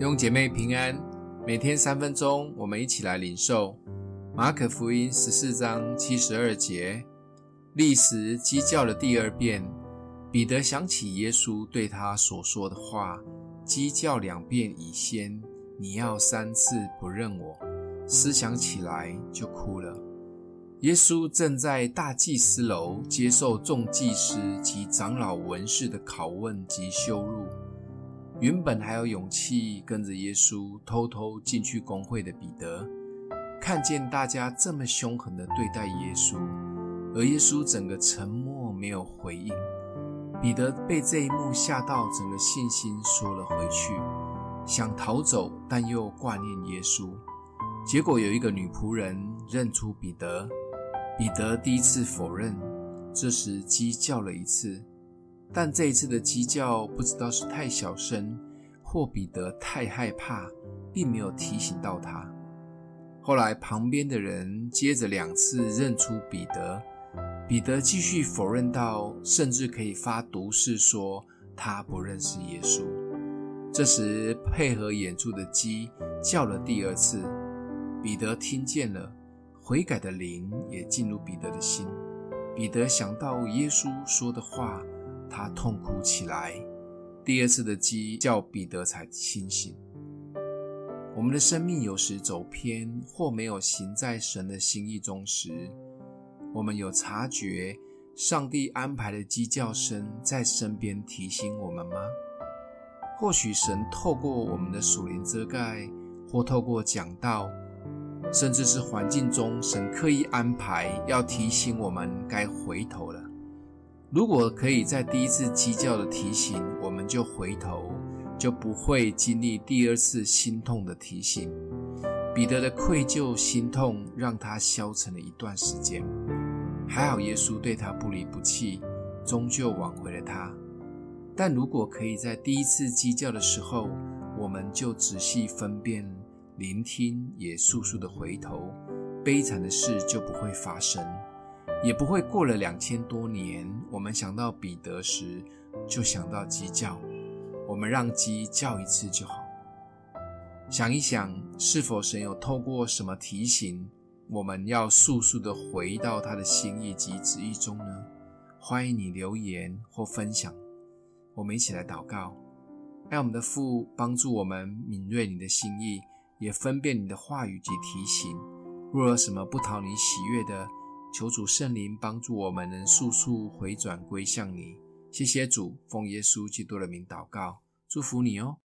弟兄姐妹平安，每天三分鐘，我們一起來領受《馬可福音》十四章七十二節，立時雞叫了第二遍，彼得想起耶穌對他所說的話：“雞叫兩遍以先，你要三次不認我。”思想起來就哭了。耶穌正在大祭司樓接受眾祭司及長老文士的拷問及羞辱。原本還有勇氣跟着耶穌偷偷進去公會的彼得，看見大家這麼凶狠地對待耶穌，而耶穌整個沉默沒有回應，彼得被這一幕嚇到，整個信心縮了回去，想逃走，但又掛念耶穌。結果有一個女僕人認出彼得，彼得第一次否認。這時雞叫了一次。但這一次的雞叫不知道是太小聲，或彼得太害怕，並沒有提醒到他。後來旁邊的人接着兩次認出彼得，彼得繼續否認到，甚至可以發毒誓說他不認識耶穌。這時配合演出的雞叫了第二次，彼得聽見了，悔改的靈也進入彼得的心。彼得想到耶穌說的話。他痛哭起來。第二次的雞叫，彼得才清醒。我們的生命有時走偏或沒有行在神的心意中時，我們有察覺上帝安排的雞叫聲在身邊提醒我們嗎？或許神透過我們的屬靈遮蓋，或透過講道，甚至是環境中神刻意安排，要提醒我們該回頭了。如果可以在第一次雞叫的提醒，我們就回頭，就不會經歷第二次心痛的提醒。彼得的愧疚、心痛，讓他消沉了一段時間。還好耶穌對他不離不棄，終究挽回了他。但如果可以在第一次雞叫的時候，我們就仔細分辨、聆聽，也速速的回頭，悲慘的事就不會發生。也不會過了兩千多年，我們想到彼得時，就想到雞叫。我們讓雞叫一次就好。想一想，是否神有透過什麼提醒，我們要速速地回到他的心意及旨意中呢？歡迎你留言或分享。我們一起來禱告，愛我們的父幫助我們敏銳你的心意，也分辨你的話語及提醒。若有什麼不討你喜悅的，求主聖靈幫助我們，能速速回轉歸向你。謝謝主，奉耶穌基督的名禱告，祝福你哦。